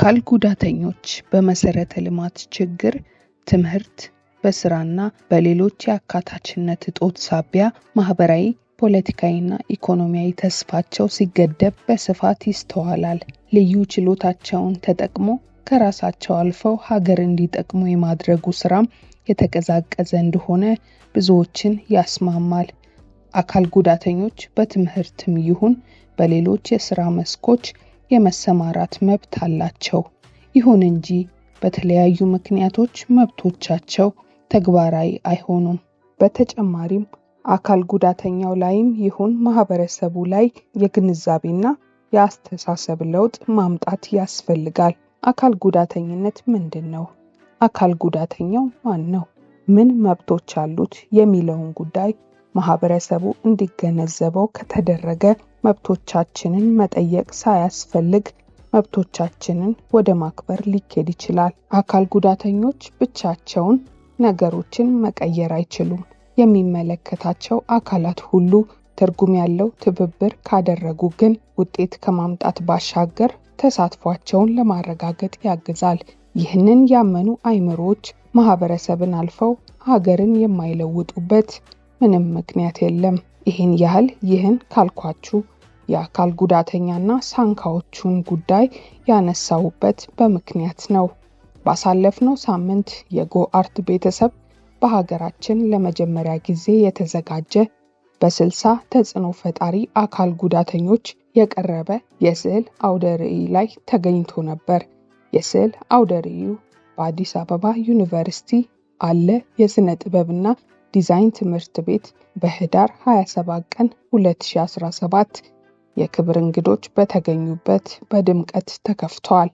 የአካል ጉዳተኞች በመሰረተ ልማት ችግር ትምህርት፣ በስራና በሌሎች የአካታችነት እጦት ሳቢያ ማህበራዊ ፖለቲካዊና ኢኮኖሚያዊ ተስፋቸው ሲገደብ በስፋት ይስተዋላል። ልዩ ችሎታቸውን ተጠቅሞ ከራሳቸው አልፈው ሀገር እንዲጠቅሙ የማድረጉ ስራም የተቀዛቀዘ እንደሆነ ብዙዎችን ያስማማል። አካል ጉዳተኞች በትምህርትም ይሁን በሌሎች የስራ መስኮች የመሰማራት መብት አላቸው። ይሁን እንጂ በተለያዩ ምክንያቶች መብቶቻቸው ተግባራዊ አይሆኑም። በተጨማሪም አካል ጉዳተኛው ላይም ይሁን ማህበረሰቡ ላይ የግንዛቤና የአስተሳሰብ ለውጥ ማምጣት ያስፈልጋል። አካል ጉዳተኝነት ምንድን ነው? አካል ጉዳተኛው ማን ነው? ምን መብቶች አሉት? የሚለውን ጉዳይ ማህበረሰቡ እንዲገነዘበው ከተደረገ መብቶቻችንን መጠየቅ ሳያስፈልግ መብቶቻችንን ወደ ማክበር ሊኬድ ይችላል። አካል ጉዳተኞች ብቻቸውን ነገሮችን መቀየር አይችሉም። የሚመለከታቸው አካላት ሁሉ ትርጉም ያለው ትብብር ካደረጉ ግን ውጤት ከማምጣት ባሻገር ተሳትፏቸውን ለማረጋገጥ ያግዛል። ይህንን ያመኑ አይምሮዎች ማህበረሰብን አልፈው ሀገርን የማይለውጡበት ምንም ምክንያት የለም። ይህን ያህል ይህን ካልኳችሁ የአካል ጉዳተኛና ሳንካዎቹን ጉዳይ ያነሳውበት በምክንያት ነው። ባሳለፍነው ሳምንት የጎ አርት ቤተሰብ በሀገራችን ለመጀመሪያ ጊዜ የተዘጋጀ በስልሳ ተጽዕኖ ፈጣሪ አካል ጉዳተኞች የቀረበ የስዕል አውደ ርዕይ ላይ ተገኝቶ ነበር። የስዕል አውደ ርዕዩ በአዲስ አበባ ዩኒቨርሲቲ አለ የሥነ ጥበብና ዲዛይን ትምህርት ቤት በህዳር 27 ቀን 2017 የክብር እንግዶች በተገኙበት በድምቀት ተከፍተዋል።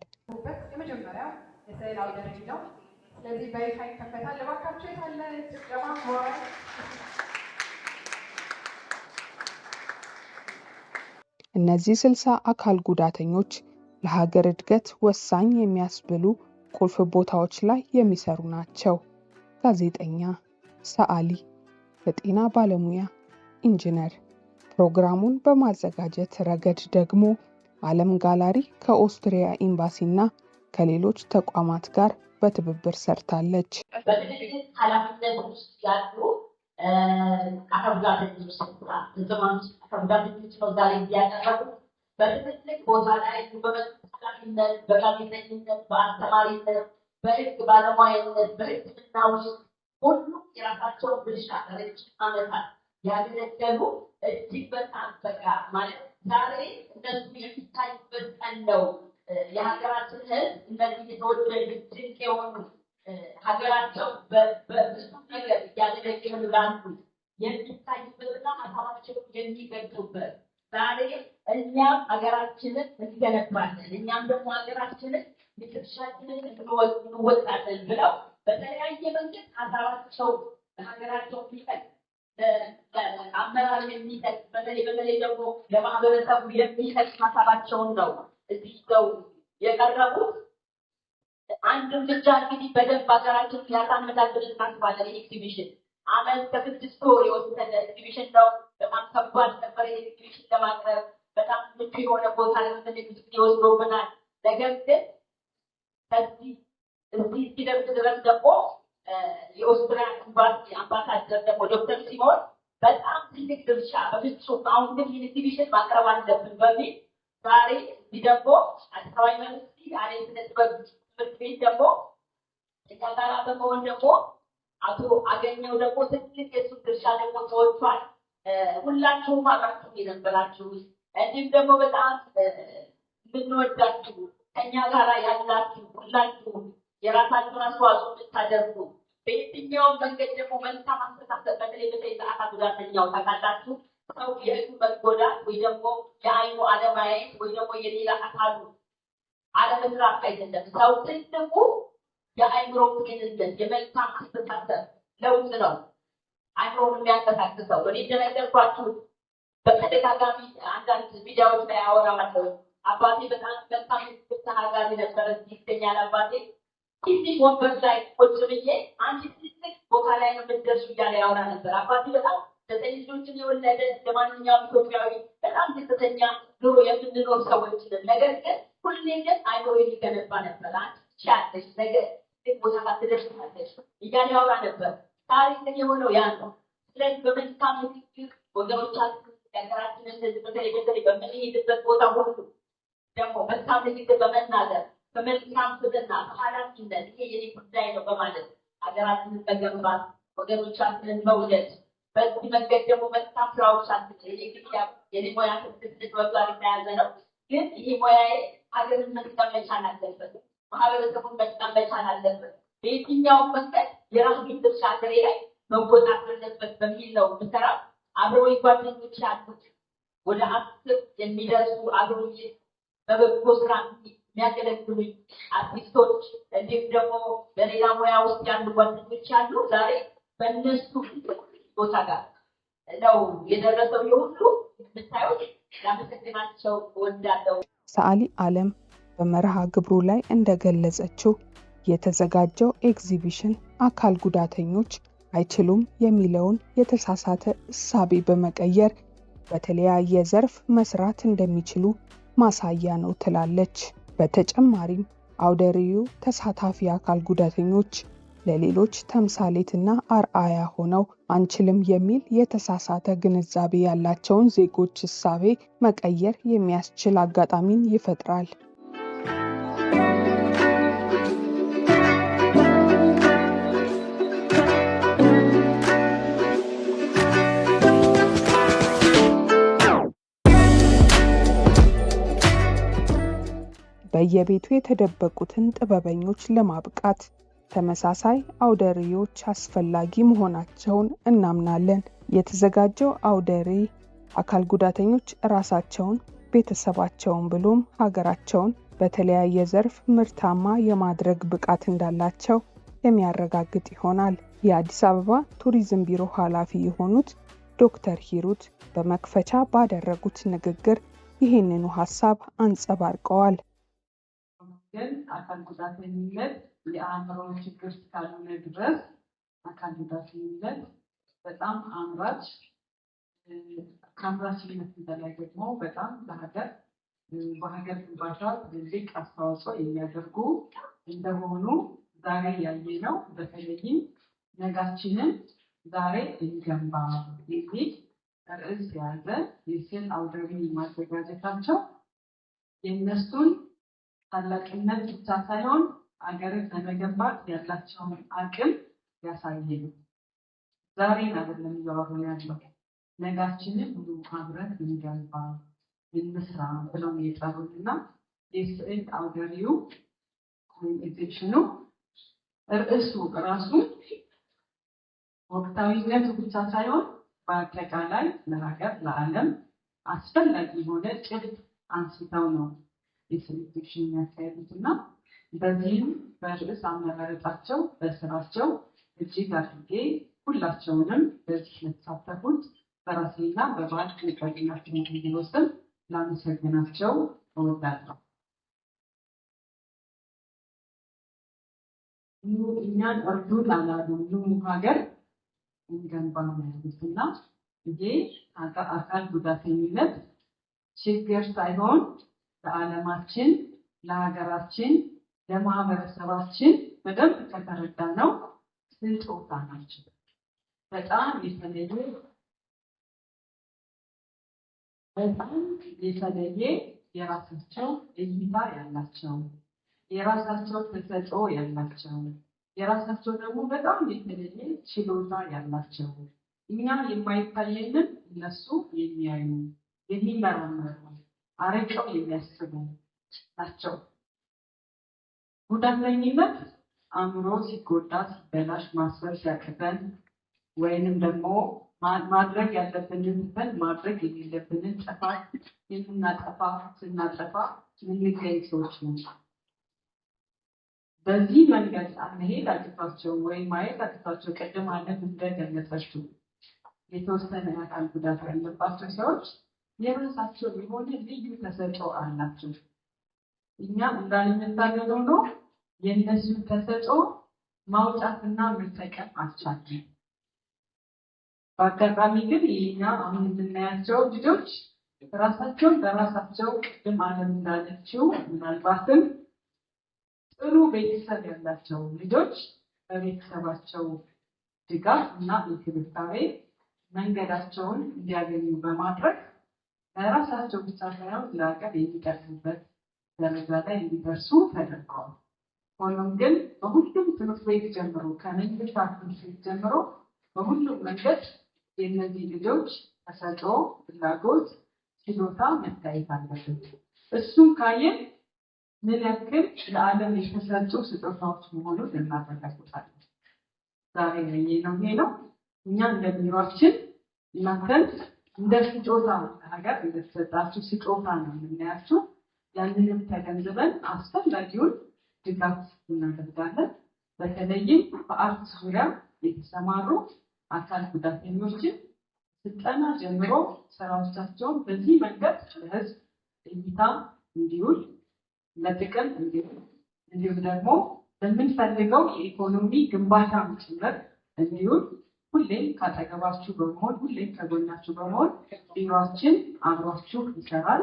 እነዚህ ስልሳ አካል ጉዳተኞች ለሀገር እድገት ወሳኝ የሚያስብሉ ቁልፍ ቦታዎች ላይ የሚሰሩ ናቸው። ጋዜጠኛ ሰዓሊ፣ የጤና ባለሙያ፣ ኢንጂነር። ፕሮግራሙን በማዘጋጀት ረገድ ደግሞ ዓለም ጋላሪ ከኦስትሪያ ኤምባሲና ከሌሎች ተቋማት ጋር በትብብር ሰርታለች። በትልቅ ቦታ ላይ በመጣፊነት፣ በጋዜጠኝነት፣ በአስተማሪነት፣ በህግ ባለሙያነት፣ በህክምና ውስጥ ሁሉ የራሳቸውን ድርሻ ለረጅም ዓመታት ያገለገሉ እጅግ በጣም በቃ ማለት ዛሬ እነሱ የሚታዩበት ቀን ነው። የሀገራችን ሕዝብ እነዚህ የተወደዱ ድንቅ የሆኑ ሀገራቸው በብዙ ነገር እያገለገሉ ላሉ የሚታዩበትና ሀሳባቸው የሚገልጹበት ዛሬ እኛም ሀገራችንን እንገነባለን፣ እኛም ደግሞ ሀገራችንን የድርሻችንን እንወጣለን ብለው በተለያየ መንገድ ሀሳባቸው ለሀገራቸው የሚጠቅ አመራር የሚጠቅ በተለይ በተለይ ደግሞ ለማህበረሰቡ የሚጠቅ ሀሳባቸውን ነው እዚህ ሰው የቀረቡት። አንድ እርምጃ እንግዲህ በደንብ ሀገራችን ያሳምታል ብለን እናስባለን። ኤግዚቢሽን አመት ከስድስት ወር የወሰደ ኤግዚቢሽን ነው። በጣም ከባድ ነበር ኤግዚቢሽን ለማቅረብ በጣም ምቹ የሆነ ቦታ ለምን ብዙ ጊዜ ወስዶብናል። ነገር ግን ከዚህ እዚህ ሲደርስ ድረስ ደግሞ የኦስትሪያ ኤምባሲ አምባሳደር ደግሞ ዶክተር ሲሞን በጣም ትልቅ ድርሻ በፍጹም አሁን ግን ኢንሂቢሽን ማቅረብ አለብን በሚል ዛሬ እዚህ ደግሞ አዲስ አበባ ዩኒቨርሲቲ አሬት ትምህርት ቤት ደግሞ እኛ ጋራ በመሆን ደግሞ አቶ አገኘው ደግሞ ትልቅ የእሱን ድርሻ ደግሞ ተወጥቷል። ሁላችሁም አብራችሁ የነበራችሁ ብላችሁ እንዲሁም ደግሞ በጣም የምንወዳችሁ ከእኛ ጋራ ያላችሁ ሁላችሁ የራሳችሁን አስተዋጽኦ እንድታደርጉ በየትኛውም መንገድ ደግሞ መልካም አስተሳሰብ በተለይ በተለይ ለአካ ጉዳተኛው ታውቃላችሁ፣ ሰው የእሱ መጎዳት ወይ ደግሞ የአይኑ አለማየት ወይ ደግሞ የሌላ አካሉ አለመስራት አይደለም። ሰው ትልቁ የአይምሮ ጤንነት የመልካም አስተሳሰብ ለውጥ ነው። አይምሮን የሚያንቀሳቅሰው እኔ እንደነገርኳችሁ በተደጋጋሚ አንዳንድ ሚዲያዎች ላይ አወራለሁ። አባቴ በጣም መልካም ብታሀጋሪ ነበረ ይገኛል አባቴ ትልቅ ወንበር ላይ ቁጭ ብዬ አንቺ ትልቅ ቦታ ላይ ነው የምትደርሱ እያለ ያወራ ነበር። አባቴ በጣም ዘጠኝ ልጆችን የወለደ ለማንኛውም ኢትዮጵያዊ በጣም ደስተኛ ኑሮ የምንኖር ሰዎች ነን። ነገር ግን ሁሌ ግን አይምሮ የሚገነባ ነበር። አንቺ ትችያለሽ፣ ነገ ትልቅ ቦታ ላይ ትደርሳለሽ እያለ ያወራ ነበር። ታሪክ ግን የሆነው ያ ነው። ስለዚህ በመልካም ንግግር ወገኖቻችን ሀገራችንን ህዝብ በተለይ በምንሄድበት ቦታ ሁሉ ደግሞ መልካም ንግግር በመናገር በመልካም ፍቅርና በኃላፊነት ይሄ የኔ ጉዳይ ነው በማለት ሀገራችንን በገንባት ወገኖቻችንን መውደድ በዚህ መንገድ ደግሞ መልካም ስራዎች የኔ ግያ የኔ ሙያ ትልቅ መግባር የተያዘ ነው። ግን ይሄ ሙያ ሀገርን መጥቀም መቻል አለበት፣ ማህበረሰቡን መጥቀም መቻል አለበት። በየትኛውም መንገድ የራሱን ድርሻ ሀገሬ ላይ መወጣት አለበት በሚል ነው ምሰራ አብረው ጓደኞች ያሉት ወደ አስር የሚደርሱ አብሮች በበጎ ስራ የሚያገለግሉኝ አርቲስቶች እንዲሁም ደግሞ በሌላ ሙያ ውስጥ ያሉ ጓደኞች አሉ። ዛሬ በእነሱ ቦታ ጋር ነው የደረሰው። የሁሉ የምታዩት ለመሰግናቸው እወዳለሁ። ሰዓሊ አለም በመርሃ ግብሩ ላይ እንደገለጸችው የተዘጋጀው ኤግዚቢሽን አካል ጉዳተኞች አይችሉም የሚለውን የተሳሳተ እሳቤ በመቀየር በተለያየ ዘርፍ መስራት እንደሚችሉ ማሳያ ነው ትላለች። በተጨማሪም አውደ ርዕዩ ተሳታፊ አካል ጉዳተኞች ለሌሎች ተምሳሌትና አርአያ ሆነው አንችልም የሚል የተሳሳተ ግንዛቤ ያላቸውን ዜጎች እሳቤ መቀየር የሚያስችል አጋጣሚን ይፈጥራል። በየቤቱ የተደበቁትን ጥበበኞች ለማብቃት ተመሳሳይ አውደ ርዕዮች አስፈላጊ መሆናቸውን እናምናለን። የተዘጋጀው አውደ ርዕይ አካል ጉዳተኞች ራሳቸውን፣ ቤተሰባቸውን ብሎም ሀገራቸውን በተለያየ ዘርፍ ምርታማ የማድረግ ብቃት እንዳላቸው የሚያረጋግጥ ይሆናል። የአዲስ አበባ ቱሪዝም ቢሮ ኃላፊ የሆኑት ዶክተር ሂሩት በመክፈቻ ባደረጉት ንግግር ይህንኑ ሀሳብ አንጸባርቀዋል። ግን አካል ጉዳተኝነት የአእምሮ ችግር እስካልሆነ ድረስ አካል ጉዳተኝነት በጣም አምራች ከአምራችነት በላይ ደግሞ በጣም ለሀገር በሀገር ግንባታ ትልቅ አስተዋጽኦ የሚያደርጉ እንደሆኑ ዛሬ ነው በተለይም ነጋችንን ዛሬ እንገንባ የሚል ርዕስ የያዘ የስዕል አውደ ርዕይ ማዘጋጀታቸው የእነሱን ታላቅነት ብቻ ሳይሆን አገርን ለመገንባት ያላቸውን አቅም ያሳየን። ዛሬን አይደለም እያወሩ ያለው ነጋችንን ሁሉ አብረን እንገንባ እንስራ ብለው የጠሩንና የስዕል አገሪው ኮሚኒኬሽኑ ርዕሱ ራሱ ወቅታዊነቱ ብቻ ሳይሆን በአጠቃላይ ለሀገር ለዓለም አስፈላጊ የሆነ ጭብጥ አንስተው ነው የሴሌክቴሽን የሚያካሄዱት እና በዚህም በርዕስ አመራረጣቸው በስራቸው እጅግ አድርጌ ሁላቸውንም በዚህ ለተሳተፉት በራሴና በባል ጥንቃቄና ትምህርት ስም ላመሰግናቸው እወዳለሁ። እኛን እርዱ አላሉም። ኑ ሀገር እንገንባ ያሉት እና ይሄ አካል ጉዳተኝነት ችግር ሳይሆን ለዓለማችን፣ ለሀገራችን፣ ለማህበረሰባችን በደንብ ከተረዳ ነው ስጦታ ናቸው። በጣም የተለየ በጣም የተለየ የራሳቸው እይታ ያላቸው የራሳቸው ተሰጦ ያላቸው የራሳቸው ደግሞ በጣም የተለየ ችሎታ ያላቸው እኛ የማይታየንም እነሱ የሚያዩ የሚመራመሩ አርቀው የሚያስቡ ናቸው። ጉዳተኝነት አእምሮ ሲጎዳ ሲበላሽ ማሰብ ሲያቅተን ወይንም ደግሞ ማድረግ ያለብንን ትተን ማድረግ የሌለብንን ጥፋት የምናጠፋ ስናጠፋ የምንገኝ ሰዎች ነው በዚህ መንገድ መሄድ አቅቷቸው ወይም ማየት አቅቷቸው ቅድም አለም እንደገለጸችው የተወሰነ አካል ጉዳት ያለባቸው ሰዎች የራሳቸው የሆነ ልዩ ተሰጦ አላቸው። እኛ እንዳልመታደለው ነው የእነሱን ተሰጦ ማውጣትና መጠቀም አልቻለም። በአጋጣሚ ግን ይህኛ አሁን የምናያቸው ልጆች ራሳቸውን በራሳቸው ቅድም ዓለም እንዳለችው ምናልባትም ጥሩ ቤተሰብ ያላቸው ልጆች በቤተሰባቸው ድጋፍ እና እንክብካቤ መንገዳቸውን እንዲያገኙ በማድረግ ለራሳቸው ብቻ ሳይሆን ለሀገር የሚደርሱበት ደረጃ ላይ እንዲደርሱ ተደርገዋል። ሆኖም ግን በሁሉም ትምህርት ቤት ጀምሮ ከመንግስታት ትምህርት ቤት ጀምሮ በሁሉም መንገድ የእነዚህ ልጆች ተሰጥኦ፣ ፍላጎት፣ ችሎታ መታየት አለበት። እሱም ካየን ምን ያክል ለዓለም የተሰጡ ስጦታዎች መሆኑን እናረጋግጣለን። ዛሬ ነው ይሄ ነው እኛ እንደ ቢሯችን እናንተን እንደ ስጦታ ሀገር እንደተሰጣችሁ ስጦታ ነው የምናያችሁ። ያንንም ተገንዝበን አስፈላጊውን ድጋፍ እናደርጋለን። በተለይም በአርት ዙሪያ የተሰማሩ አካል ጉዳተኞችን ስልጠና ጀምሮ ስራዎቻቸውን በዚህ መንገድ ለህዝብ እይታ እንዲውል ለጥቅም እንዲውል እንዲሁም ደግሞ በምንፈልገው የኢኮኖሚ ግንባታ ጭምር እንዲሁም ሁሌም ካጠገባችሁ በመሆን ሁሌም ከጎናችሁ በመሆን ቢሮችን አብሯችሁ ይሰራል፣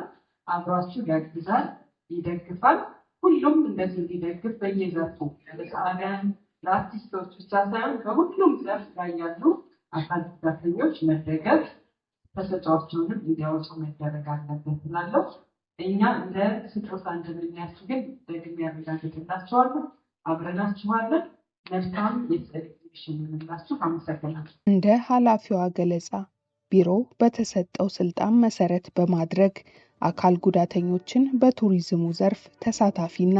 አብሯችሁ ያግዛል፣ ይደግፋል። ሁሉም እንደዚህ እንዲደግፍ በየዘርፉ ለሰዓሊያን፣ ለአርቲስቶች ብቻ ሳይሆን በሁሉም ዘርፍ ላይ ያሉ አካል ጉዳተኞች መደገፍ ተሰጫዎቸውንም እንዲያወጡ መደረግ አለበት ስላለው እኛ እንደ ስጦታ እንደምናያችሁ ግን ደግሜ ያረጋግጥላችኋለሁ። አብረናችኋለን። መልካም የስዕል እንደ ኃላፊዋ ገለጻ ቢሮ በተሰጠው ስልጣን መሰረት በማድረግ አካል ጉዳተኞችን በቱሪዝሙ ዘርፍ ተሳታፊና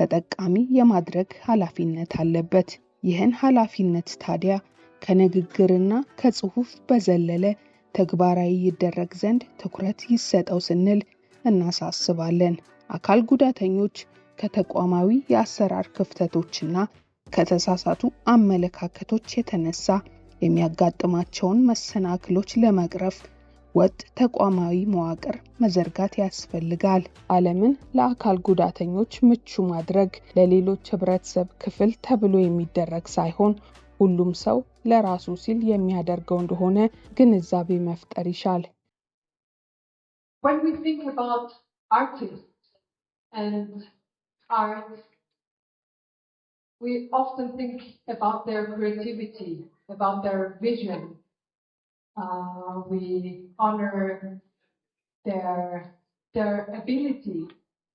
ተጠቃሚ የማድረግ ኃላፊነት አለበት። ይህን ኃላፊነት ታዲያ ከንግግርና ከጽሑፍ በዘለለ ተግባራዊ ይደረግ ዘንድ ትኩረት ይሰጠው ስንል እናሳስባለን። አካል ጉዳተኞች ከተቋማዊ የአሰራር ክፍተቶችና ከተሳሳቱ አመለካከቶች የተነሳ የሚያጋጥማቸውን መሰናክሎች ለመቅረፍ ወጥ ተቋማዊ መዋቅር መዘርጋት ያስፈልጋል። ዓለምን ለአካል ጉዳተኞች ምቹ ማድረግ ለሌሎች ህብረተሰብ ክፍል ተብሎ የሚደረግ ሳይሆን ሁሉም ሰው ለራሱ ሲል የሚያደርገው እንደሆነ ግንዛቤ መፍጠር ይሻል። When we think about artists and art we often think about their creativity, about their vision. Uh, we honor their, their ability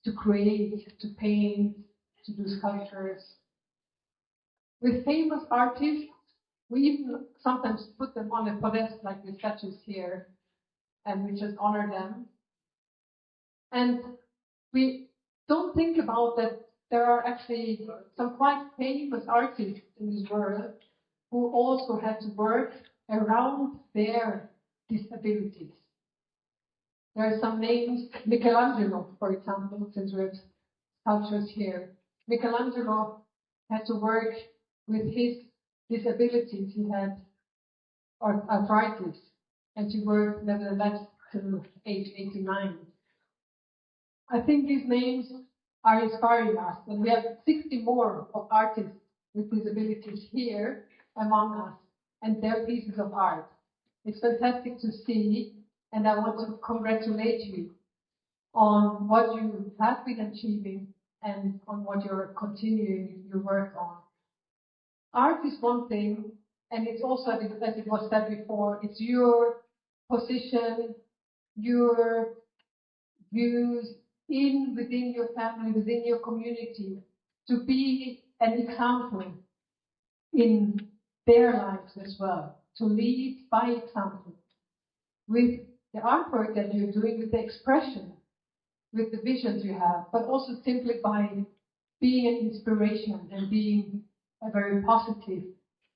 to create, to paint, to do sculptures. With famous artists, we even sometimes put them on a pedestal like the statues here, and we just honor them. And we don't think about that there are actually some quite famous artists in this world who also had to work around their disabilities. There are some names, Michelangelo, for example, since we have sculptures here. Michelangelo had to work with his disabilities. He had arthritis, and he worked nevertheless till age 89. I think these names are inspiring us. And we have 60 more of artists with disabilities here among us and their pieces of art. It's fantastic to see, and I want to congratulate you on what you have been achieving and on what you're continuing your work on. Art is one thing, and it's also, as it was said before, it's your position, your views, in within your family, within your community, to be an example in their lives as well, to lead by example with the artwork that you're doing, with the expression, with the visions you have, but also simply by being an inspiration and being a very positive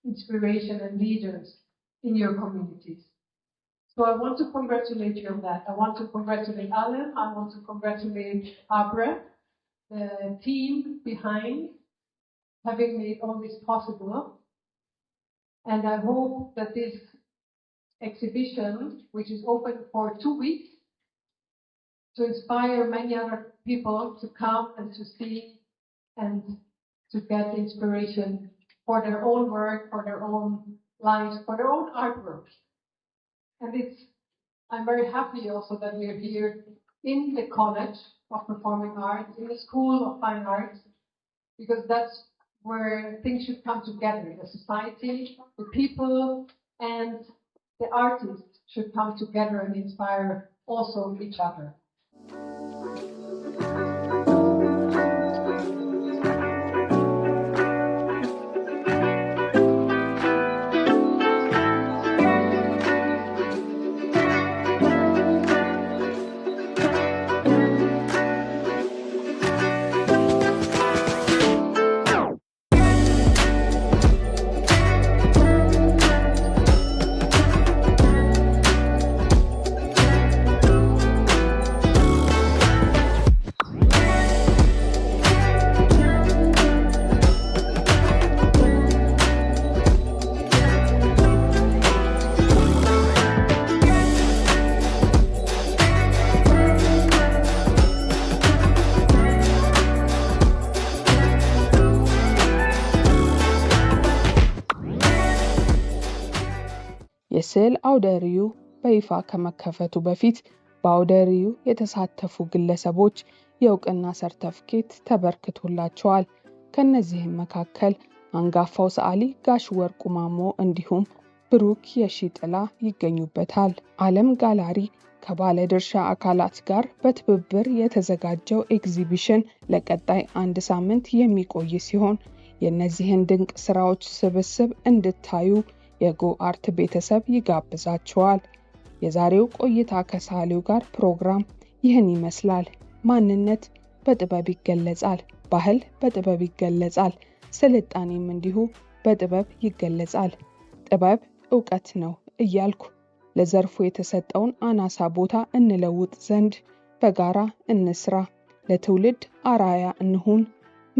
inspiration and leaders in your communities. So I want to congratulate you on that. I want to congratulate Alan. I want to congratulate Abra, the team behind having made all this possible. And I hope that this exhibition, which is open for two weeks, to inspire many other people to come and to see and to get inspiration for their own work, for their own lives, for their own artwork. And I'm very happy also that we are here in the College of Performing Arts, in the School of Fine Arts, because that's where things should come together. The society, the people, and the artists should come together and inspire also each other. አውደ በይፋ ከመከፈቱ በፊት በአውደ የተሳተፉ ግለሰቦች የእውቅና ሰርተፍኬት ተበርክቶላቸዋል። ከነዚህም መካከል አንጋፋው ሰዓሊ ጋሽ ወርቁ ማሞ እንዲሁም ብሩክ ጥላ ይገኙበታል። ዓለም ጋላሪ ከባለ ድርሻ አካላት ጋር በትብብር የተዘጋጀው ኤግዚቢሽን ለቀጣይ አንድ ሳምንት የሚቆይ ሲሆን የእነዚህን ድንቅ ስራዎች ስብስብ እንድታዩ የጎ አርት ቤተሰብ ይጋብዛቸዋል። የዛሬው ቆይታ ከሰዓሊው ጋር ፕሮግራም ይህን ይመስላል። ማንነት በጥበብ ይገለጻል። ባህል በጥበብ ይገለጻል። ስልጣኔም እንዲሁ በጥበብ ይገለጻል። ጥበብ እውቀት ነው እያልኩ ለዘርፉ የተሰጠውን አናሳ ቦታ እንለውጥ ዘንድ በጋራ እንስራ፣ ለትውልድ አራያ እንሁን።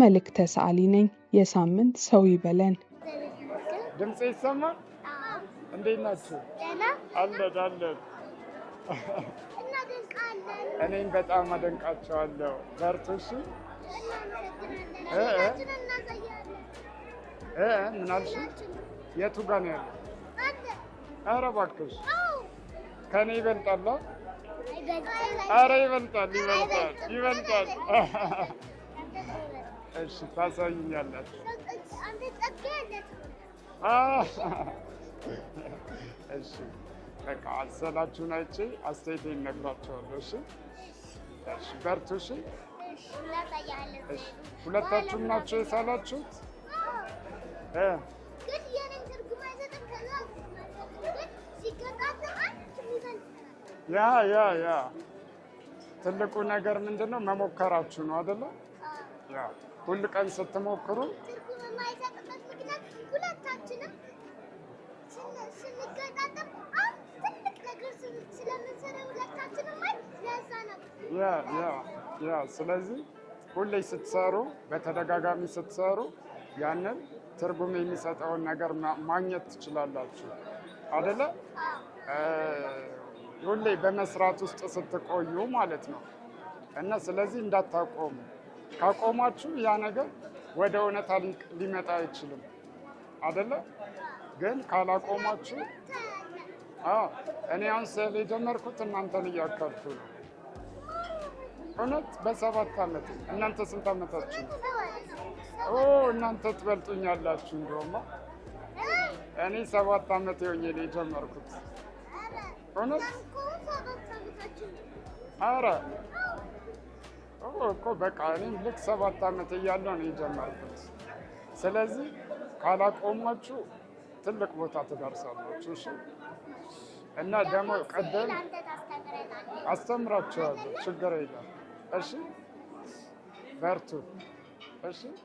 መልእክተ ሰዓሊ ነኝ። የሳምንት ሰው ይበለን። ድምፅ ይሰማል። እንዴት ናችሁ? አለን አለን። እኔም በጣም አደንቃቸዋለሁ። በርቱ እሺ። ምን አልሽ? የቱ ጋር ነው ያለው? ኧረ እባክሽ ከእኔ ይበልጣል። ኧረ ይበልጣል፣ ይበልጣል፣ ይበልጣል። እሺ ታሳይኛላችሁ። እሺ በቃ አዘላችሁን አይቼ አስተያየት ይነግራቸዋለሁ። እሺ እሺ፣ በርቱ። እሺ በርቱ እሺ ሁለታችሁም የሳላችሁት? ያ ያ ያ ትልቁ ነገር ምንድን ነው? መሞከራችሁ ነው አይደለ? ሁል ቀን ስትሞክሩ ስንገጣጠም ስለዚህ ሁሌ ስትሰሩ፣ በተደጋጋሚ ስትሰሩ ያንን ትርጉም የሚሰጠውን ነገር ማግኘት ትችላላችሁ አደለ? ሁሌ በመስራት ውስጥ ስትቆዩ ማለት ነው። እና ስለዚህ እንዳታቆሙ። ካቆማችሁ ያ ነገር ወደ እውነት ሊመጣ አይችልም አደለ? ግን ካላቆማችሁ እኔ አሁን ስዕል የጀመርኩት እናንተን እያካብቱ ነው። እውነት በሰባት ዓመት እናንተ ስንት ዓመታችሁ? እናንተ ትበልጡኛላችሁ። እንደውም እኔ ሰባት ዓመት የሆኜ ነው የጀመርኩት። እውነት አረ እኮ በቃ እኔም ልክ ሰባት ዓመት እያለሁ ነው የጀመርኩት። ስለዚህ ካላቆማችሁ قلت لك بغيت تعطيك تشوشي عندنا دامو قدام استمرت شو هذا شو بارتو